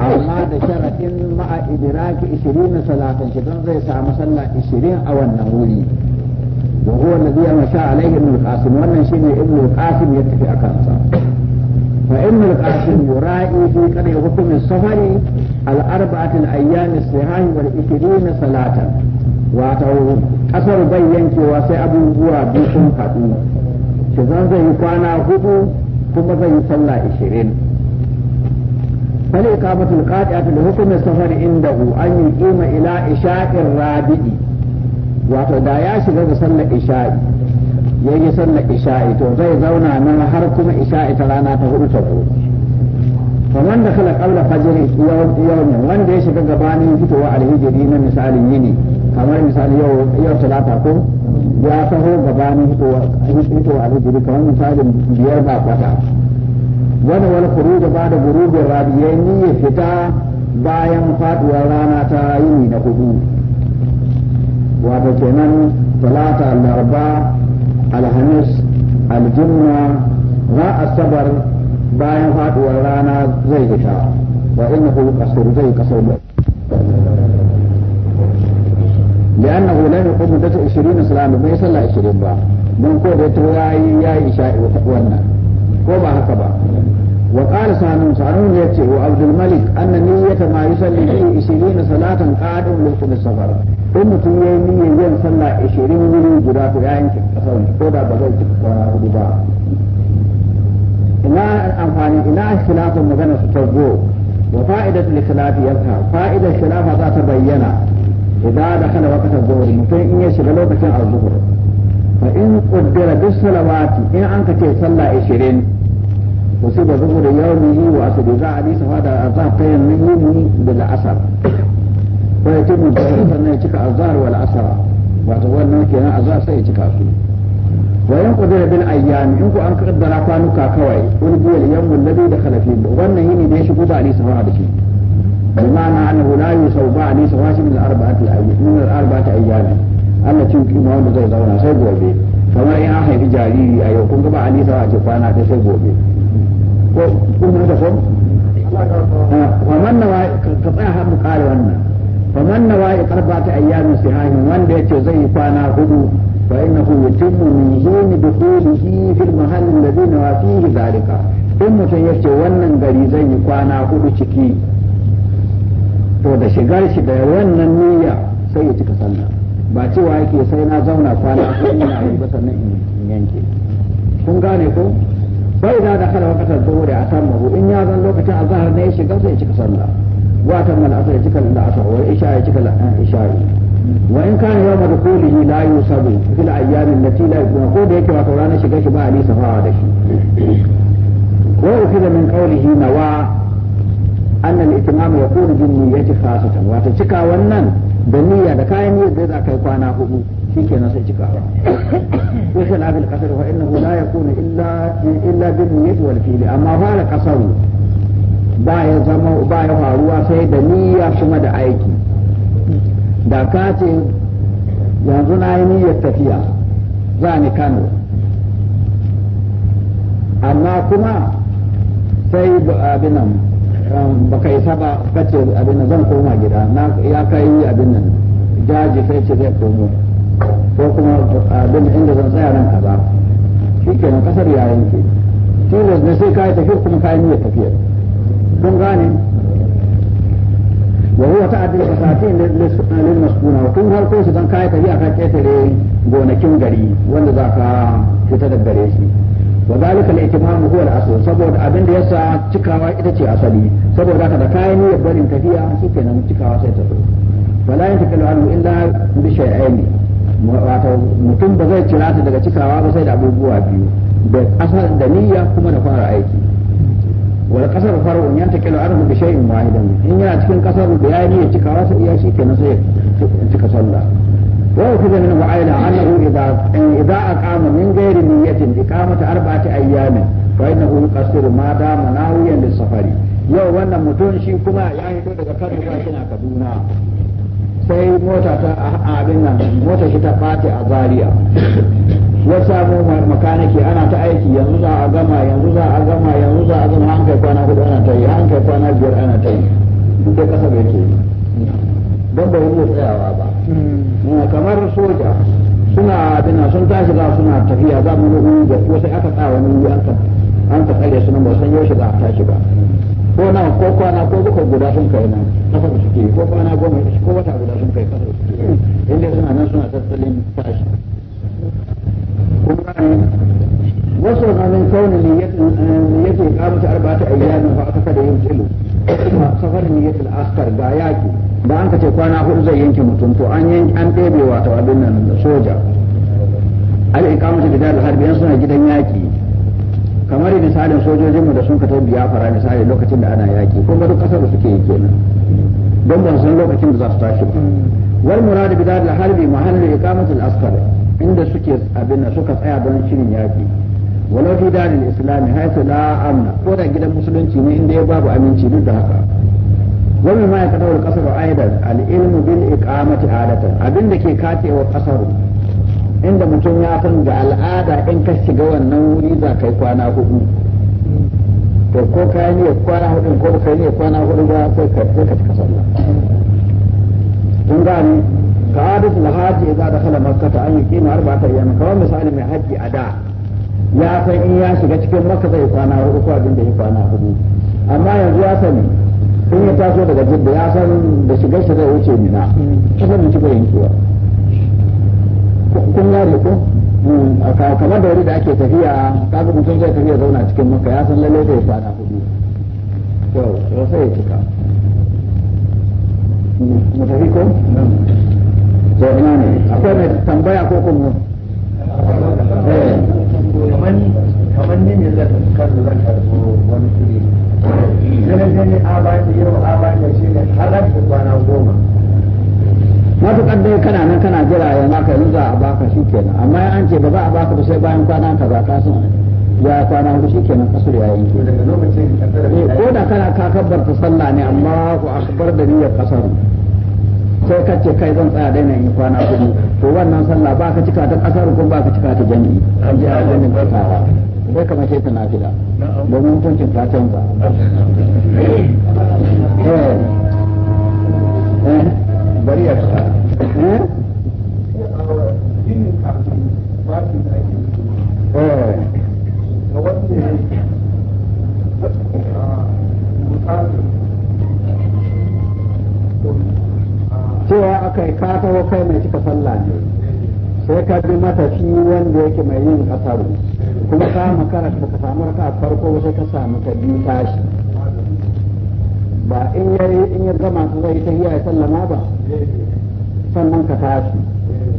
Speaker 1: amma da sharaɗin ma'a idiraki ishirin na salatin shi don zai samu sallah ishirin a wannan wuri وهو الذي مشى عليه ابن القاسم وانا شيء ابن القاسم يتفي أكانسا فابن القاسم يرائي في قدر حكم السفر الأربعة الأيام الصحاح والاثنين صلاة واتو أثر بيّن كواسي أبو بوا بيكم قدو شزان زي كوانا هدو ثم زي صلى عشرين فالإقامة القاطعة لحكم السفر عنده أن يقيم إلى إشاء الرابع wato da ya shiga da sallar isha'i ya yi sallar isha'i to zai zauna nan har kuma isha'i ta rana ta hudu ta hudu fa wanda kala qabla fajr yawm wanda ya shiga gabanin fitowa alhijiri na misalin yini kamar misali yau yau talata ko ya taho gabanin fitowa alhijiri kamar misalin biyar ba kwata wani wal khuruj ba da gurubin rabi ya fita bayan faduwar rana ta yini na hudu wato kenan talata larba alhamis aljumma za a sabar bayan faduwar rana zai hita wa inna hu qasr zai qasr ba لأنه لم يقم da 20 صلاة ما salla 20 ba من ko da to yayi yayi isa wannan ko ba haka ba وقال سانون سانون يتي وعبد الملك أن نية ما يصلي فيه عشرين صلاة قاعد لحكم السفر إن تنية نية ين صلى عشرين من جرات يعين كسون كودا بزي كودا إلا أنفاني إلا اختلاف مغنى ستوبو وفائدة الاختلاف يظهر فائدة الخلاف ذات بينا إذا دخل وقت الظهر متين إن يشغلوا بكين الظهر فإن قدر بالصلوات إن أنك تصلى عشرين وصيب ظهر يومه وأصل إذا حديث هذا الظهر قيم من يومه بالعصر ويتم الظهر أن يتك الظهر والعصر وأتقول أنه كان الظهر سيتك وإن قدر بالأيام إن كان قدر أقوانك كوي ونقول اليوم الذي دخل فيه وأن هيني بيش قضى عليه سواء بمعنى أنه لا يصوب عليه سواء من الأربعة أيام من الأربعة أيام التي يمكن أن تزيدونها سيقول به kamar in an haifi jariri a yau kun ga ba a nisa a ce kwana sai gobe ko kun da ko wannan nawa ka tsaya har mu kare wannan faman nawa iqarbata ayyamin sihahin wanda yace zai kwana hudu fa innahu yutimmu min hini dukhulihi fil mahall alladhi nawa fihi zalika in mutum yace wannan gari zai yi kwana hudu ciki to da shigar shi da wannan niyya sai ya cika sallah ba cewa yake sai na zauna kwana hudu ina yi ba sannan in yanke kun gane ko sai da dakala wakatar zuhuri a san mahu in ya zan lokacin azhar ne ya shiga sai ya cika sallah watan mal asr ya cika da asr wa isha ya cika da eh, isha wa in kana yawma dukulihi la yusabu fil ayyam allati la yakuna ko da yake wato ranar shiga shi ba ali safawa da shi wa ukhidha min qawlihi nawa anna al-itimam yakunu bin niyyati khasatan wato cika wannan da niyya da kayan niyyar da za kai kwana hudu شيء sai cika وخلاف القصر فإنه لا ya إلا إلا بالنية والفعل أما فعل قصر ba ya zama ba ya faruwa sai da niyya kuma da aiki da ka ce yanzu na yi niyyar tafiya za ni kano amma kuma sai abin nan um, baka isa ba kace abin nan zan koma gida ya kai abin nan jaji sai ce zai komo ko kuma abin inda zan tsaya nan ba shi kenan kasar ya yanke tilas ne sai kayi tafiya kuma kayi niyyar tafiyar kun gane wa huwa ta'addil fasatin lil masquna wa kun har ko su zan kayi tafiya ka ketare gonakin gari wanda za ka fita da gare shi wa zalika al-ihtimam huwa al-asl saboda abin da yasa cikawa ita ce asali saboda haka da kayi niyyar barin tafiya shi nan cikawa sai ta zo fala yantakilu anhu illa bi shay'aini wato mutum ba zai kira ta daga cikawa ba sai da abubuwa biyu da kasar da niyya kuma da fara aiki wal kasar faru ya ta kila arhu bi shay'in wahidan in yana cikin kasar da ya niyya cikawa sai ya shi kenan sai ya cika sallah wa fi zamanin wa'ila annahu idza idza aqama min ghairi niyyatin iqamata arba'ati ayyamin fa innahu yuqassiru ma dama nawiyan lis safari yau wannan mutum shi kuma ya hito daga karo ba a Kaduna sai mota ta a abin nan mota shi ta ɓace a zaria ya samu makaniki ana ta aiki yanzu za a gama yanzu za a gama yanzu za a gama an kai kwana hudu ana ta yi an kai kwana biyar ana ta yi duk da bai ke don bai yi tsayawa ba hmm. eh, kamar soja suna abin sun tashi za suna tafiya za mu nuhu da ko sai aka tsaya wani wuri an ka tsare su nan ba san yaushe za a tashi ba ko na ko kwana ko bakwai guda sun kai nan kasar suke ko kwana goma ko wata guda sun kai kasar suke inda suna nan suna tattalin tashi kuma wasu ranar kaunin yake kamuta arba'ata ba a aka da yin tsilu safar yake askar ga yaki da an kace kwana hudu zai yanke mutum to an yanke an ɗebe wato abin nan soja al iqamatu bidal harbi suna gidan yaki kamar misalin sojojinmu da sun ka ya fara misali lokacin da ana yaki kuma duk kasar suke yi kenan don ban san lokacin da za su tashi ba wal murad bi dar harbi mahallu iqamat al-askar inda suke abin suka tsaya don shirin yaki walau fi dar islam haythu la amna ko da gidan musulunci ne inda ya babu aminci duk da haka wani ma ya kadawar kasar aidan al-ilmu bil iqamati adatan abin da ke katewa kasar inda mutum ya san ga al'ada in ka shiga wannan wuri za ka yi kwana hudu to ko ka yi kwana hudu ko ka yi kwana hudu ba sai ka sai ka cika sallah kun gane ka adus lahaji idza dakhala makkah an yuqima arba'ata ayyam kawai misali mai haji a da ya san in ya shiga cikin makka zai kwana hudu ko abin da ya kwana hudu amma yanzu ya sani in ya taso daga jidda ya san da shigar shi zai wuce mina kusan mun ci yankewa kun yare ko hmm, kamar da wuri da ake tafiya kaga mutum zai tafiya zauna cikin maka ya san lalle zai kwana hudu to sai ya cika mu tafi ko to hmm. ina ne akwai mai tambaya ko kuma eh. kamar ni ne zan karbo zan karbo wani kuri sai ne a ba yau a ba shi ne har kwana goma
Speaker 2: matuƙar dai kana
Speaker 1: nan kana jira ya maka yi za a baka shi kenan amma an ce ba za a baka ba sai bayan kwana ka za ka san ya kwana hudu shi kenan kasur ya yi eh, ko da kana kakabar ta sallah ne amma ku akbar da niyyar kasar sai ka ce kai zan tsaya daina yin kwana hudu to wannan sallah ba ka cika ta kasar ko ba ka cika ta jami'i an ji a jami'in kasawa sai kamar ce ta nafila domin hukuncin ta canza bari ya sa eh? eh. cewa aka yi kafa kai mai cika sallah ne sai ka bi mata shi wanda yake mai yin kasaru kuma ka makara ka samu raka farko sai ka samu ka biyu tashi ba in ya gama su zai ta yi ya sallama ba sannan ka tashi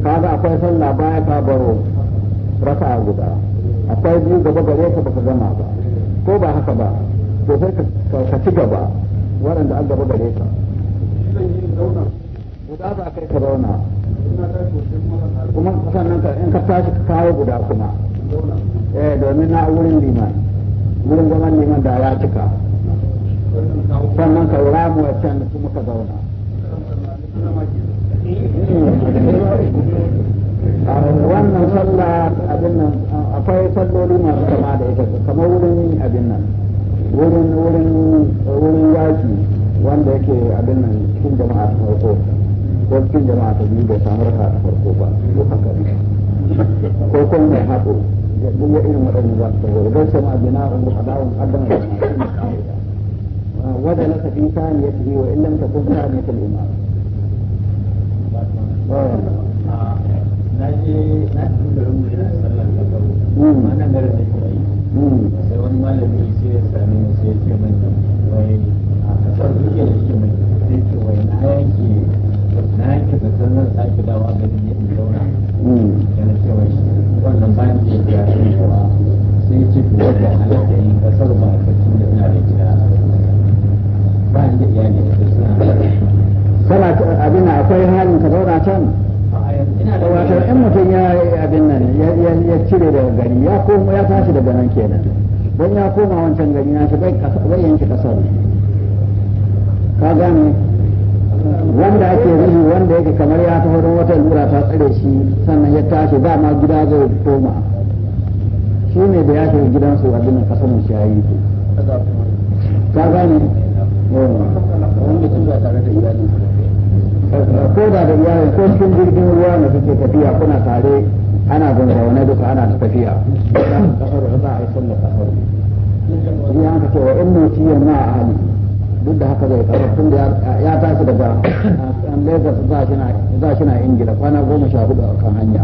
Speaker 1: kaga akwai sallah baya ka baro raka guda akwai biyu gaba gare ka baka gama ba ko ba haka ba to sai ka ci gaba waɗanda an gaba gare ka guda za kai ka zauna kuma sannan ka in ka tashi ka kawo guda kuma eh domin na wurin liman wurin gwamnan liman da ya cika
Speaker 2: sannan ka ramu
Speaker 1: can kuma ka zauna
Speaker 2: wannan sallah
Speaker 1: abin nan akwai salloli masu kama da ita kamar wurin abin nan wurin wurin wurin yaki wanda yake abin nan cikin jama'a ta farko ko cikin jama'a ta biyu bai samu raka ta farko ba ko haka ne ko kuma mai haɗo duk ya irin waɗannan za su tafi da gaskiya ma bina un bu hadawun adana da wada na tafi saniyatihi wa illam takun saniyatul imam na je na cikin garin mu yana sallar kawo nan sai wani malami sai ya sami ni sai ya ce a kasar duke mai sai ce wai na na sake dawa garin ne in zauna yana wannan da ya ce ya sai ce to wanda halatta yin kasar ba a kasar shi daga nan kenan don ya koma wancan gari na shi bai yanke kasar ka gane wanda ake ruhi wanda yake kamar ya taho don wata lura ta tsare shi sannan ya tashi ba ma gida zai koma shi ne da ya shiga gidansu a ginin kasar shi ya yi ka gane ko da da iyalin ko cikin jirgin ruwa na suke tafiya kuna tare ana gunsa wani duka ana tafiya ba a yi sallar kafaru shi
Speaker 2: ya ce wa in mutu ya ma ahali
Speaker 1: duk da haka zai kafa tun da ya tashi daga Lagos za shi na Ingila kwana goma sha hudu a kan hanya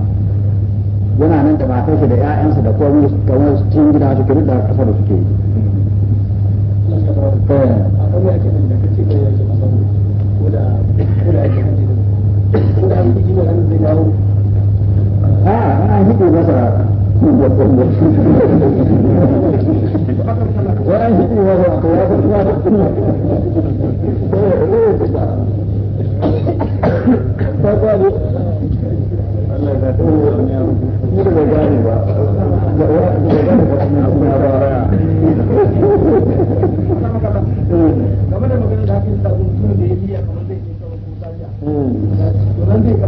Speaker 2: yana nan da matar shi da 'ya'yansa
Speaker 1: da komai kamar cikin gida suke duk da kasar suke yi
Speaker 2: eh. ko da ko da ake ko da
Speaker 1: ake a hito masa wa'an hito masa a kawai ta kuma ta kwari ni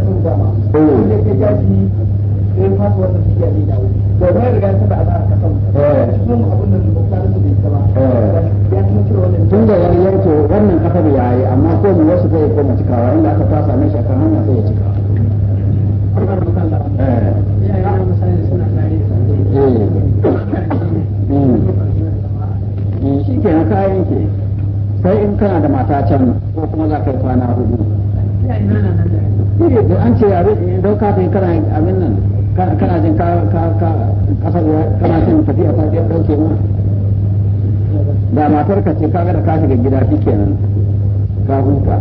Speaker 1: da da da da da sai ko wannan tafiya ne dawo riga ta eh. ba a zara kasan kuma abin da ba ba eh. ya kuma cire wannan tun da wani
Speaker 2: wannan
Speaker 1: kafar ya yi amma ko mu wasu zai koma cikawa inda aka fasa mai shakar hanya sai ya cika eh. hmm. Hmm. shi ke na kayan ke sai in kana da mata can ko kuma za ka yi kwana hudu. Iri da an ce abin don ka kai kana abin nan kana jin ka ka ka kasar kana jin tafiya ta je dauke mu da matar ka ce kaga da ka shiga gida shikenan ka huta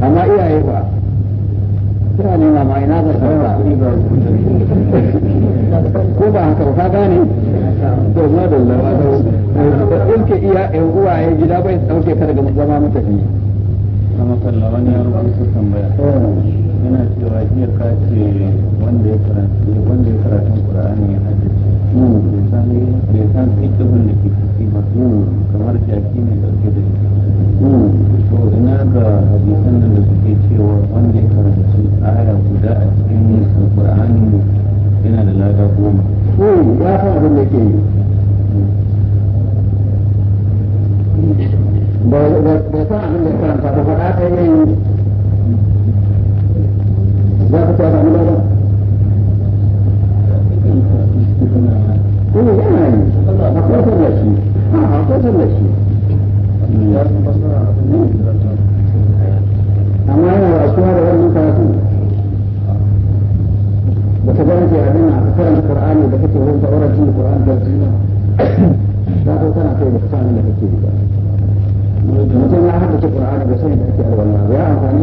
Speaker 1: amma iyaye ba suna nema ma ina zan sauka ko ba haka ba ka gane to ma da lawa da ilke iya ɗan uwaye gida bai dauke ka daga zama mutafi. Sama kalla wani ya rubuta tambaya. Eh. yana cewa jiya ka ce wanda ya karanta wanda ya karanta qur'ani ya haddace bai san bai san fiqhin da ke ciki ba kamar jaki ne dauke da to ina ga hadisan nan da suke cewa wanda ya karanta aya guda a cikin qur'ani yana da lada goma ya san abin da yake yi ba san abin da karanta ba ba ta yi لا فتوى بعد ماذا؟ إيه أنا أعطيت نفسي أعطيت نفسي أما أنا الأسماء غير من ثلاثين وكذلك يعلمنا كلام القرآن إذا كنت وانت أورد في القرآن جزيلا لا تقتنع في الإحسان إلا في الكتب مثلا أحد القرآن بسيط أتي أول ما يا أنفاني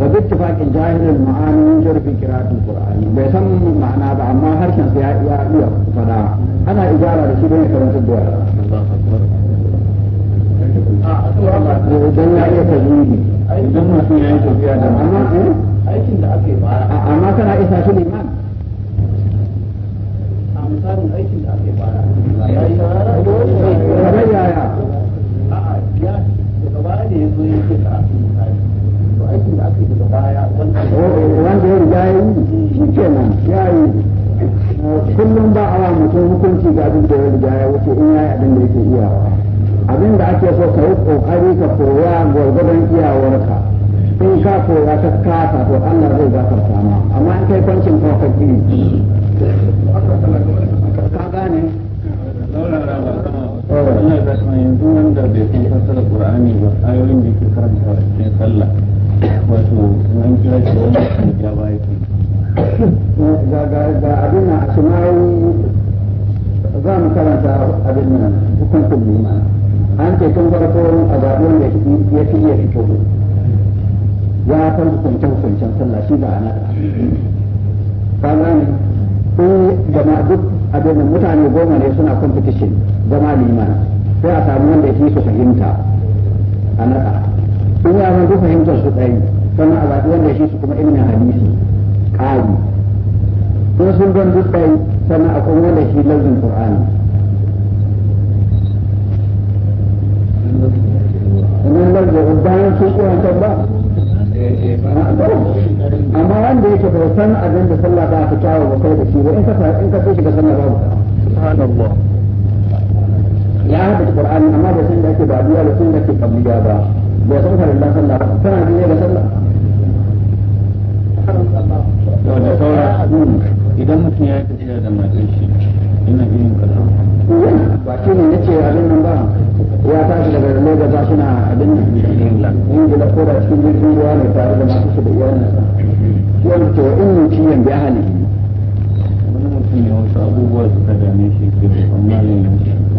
Speaker 1: وباتفاق الجاهل المعاني ينشر في قراءة القرآن بيسم معناه بعما هرشا سياء يا فدا أنا إجارة رشيدين كرمت الله أكبر
Speaker 2: idan ya iya idan mutum ya yi tafiya da
Speaker 1: aikin da ake ba amma kana isa shi liman a misalin aikin da ake bara ya yi tsara da wani yaya ya daga baya da ya wanda ya riga ya
Speaker 2: yi shi kenan ya yi
Speaker 1: kullum ba a wa mutum hukunci ga abin da ya riga ya wuce in ya yi abin da yake iyawa abin da ake so ka yi kokari ka koya gwargwadon iyawarka in ka koya ka kasa to Allah zai gafarta ma amma in kai kwancin ka kiri ka gane Allah ya yanzu wanda bai san fassara Qur'ani ba ayoyin da yake karanta cikin sallah wato wani kira ce wani kan ja baya ga ga ga abin nan asma'u za mu karanta abin nan hukuncin lima an ce tun farko a zaɓi wanda ya fi iya fito ya farko hukunce hukuncen sallah shi ba a nada ka gane ko jama'a duk abin nan mutane goma ne suna competition zama liman sai a samu wanda ya fi su fahimta a nada in ya zan duk fahimtar su ɗari sannan a zaɓi wanda shi su kuma na hadisi ƙari in sun zan duk ɗari sannan kuma wanda shi lafzin qur'ani sannan lafzin bayan sun ƙurantar ba amma wanda yake bai san abin da sallah ba ta kyawo ba kai da shi ba in ka in ka so shiga sallah babu subhanallah ya haɗa qur'ani amma da sun da ake ba biya da sun da ya kabliya ba bai san farin dan sallah ba tana biye da sallah
Speaker 2: to da saura idan mutum ya yi da matan shi ina yin kaza ba shi ne nace abin nan ba ya tashi
Speaker 1: daga Lagos za suna abin Ingila ko da cikin jirgin ruwa ne tare da masu su da iyalinsa shi to in wa ci ciyan bi ahalihi
Speaker 2: wani mutum ya wasu
Speaker 1: abubuwa suka dame shi ke da wannan ne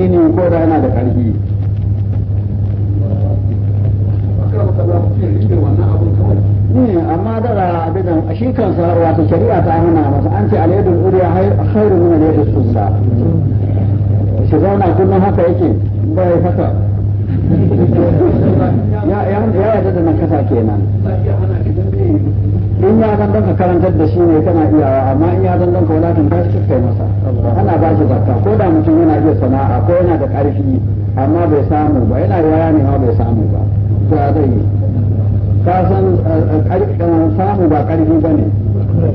Speaker 1: addinin ko da yana da ƙarfi eh, amma daga abidan shi kansa ta shari'a ta hana masa an ce alayyadul uriya khairu min su sunna shi zauna kullum haka yake bai haka ya yarda da nakasa kenan in ya zan don ka karantar da shi ne kana iyawa amma in ya zan don ka wadatan ka shi kai masa ana ba shi zakka ko da mutum yana iya sana'a ko yana da ƙarfi amma bai samu ba yana yaya ne ma bai samu ba to a zai yi ka san samu ba ƙarfi ba ne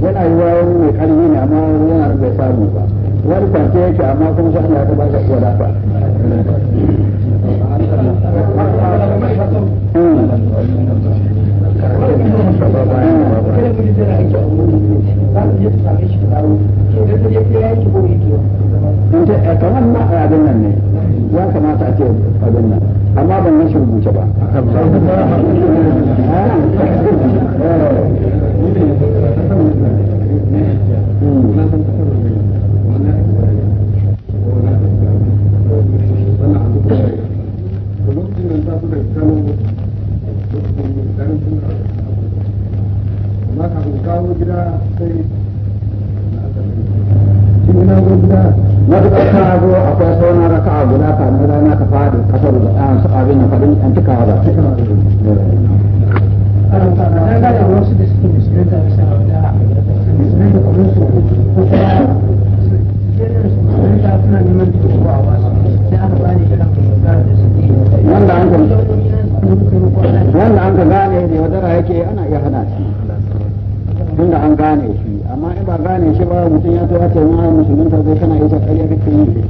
Speaker 1: yana yi wa wani mai ƙarfi ne amma yana bai samu ba wani kwanke yake amma kuma shi ana ya ba shi wadata Mm. kamar ma a ban ba
Speaker 2: Thank you. amma kafin kawo gida sai shi na zo gida
Speaker 1: matuƙar ta zo akwai sauran a guda na rana ta fadi kasar da ɗan su abin da faɗin an ba.
Speaker 2: Na gane wasu da da suna a wasu aka bani da Wanda an ka gane ne wadara yake ana iya hana
Speaker 1: shi. tun da an gane shi amma in ba gane shi ba mutum ya zo ake yin musulmin ta zai kana isa ƙarya kake yi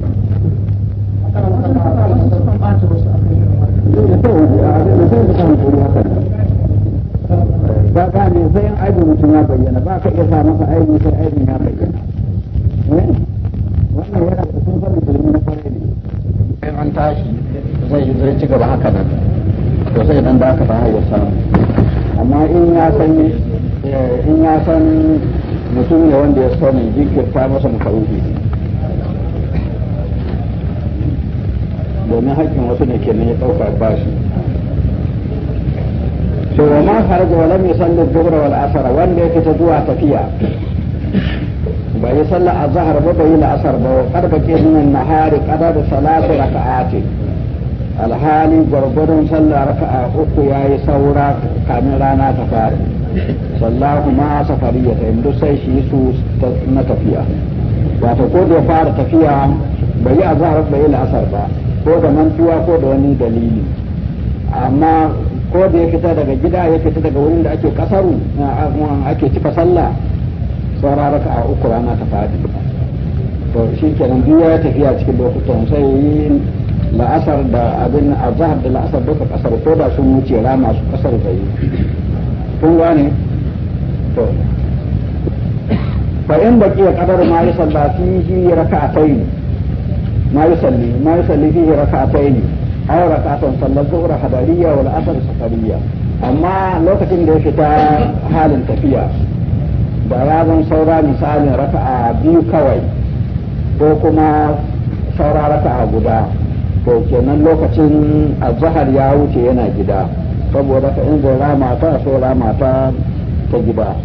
Speaker 1: ba gane sai in aibin mutum ya bayyana ba ka iya sa masa aibin sai aibin ya bayyana eh? wannan yana da sun san musulmi na
Speaker 2: kwarai ne
Speaker 1: in an tashi zai zai ci gaba haka nan to sai dan da aka ba hawa sama amma in ya san san mutum ne wanda ya sani jinkirta masa makaruhi domin haƙƙin wasu ne kenan ya ɗauka ba shi to wa ma farga wa lam yusalli dhuhra wal asr wanda yake ta zuwa tafiya ba ya salla azhar ba bai la asr ba qad baqi min na hari qada da salatu raka'ati alhali gwargwadon sallah raka'a uku yayi saura kamin rana ta fara sallahu ma safariya ta yanzu sai shi su na tafiya wato ko da fara tafiya bai yi azhar bai yi la'asar ba ko da mantuwa ko da wani dalili amma ko da ya fita daga gida ya fita daga wurin da ake kasaru ake cika sallah sauran raka a uku rana ta fadi to shi kenan duk ya tafiya cikin lokutan sai yi la'asar da abin azhar da la'asar duka kasar ko da sun wuce rana su kasar zai kun gane to fa in baki ya kadar ma ya salla fihi raka'atayn ma ya salli ma ya salli fi raka'atayn ay raka'atan sallar zuhur hadariyya wal asr safariyya amma lokacin da ya fita halin tafiya da ya zan saura misalin raka'a biyu kawai ko kuma saura raka'a guda to kenan lokacin azhar ya wuce yana gida saboda ka in zai rama ta ta ta gida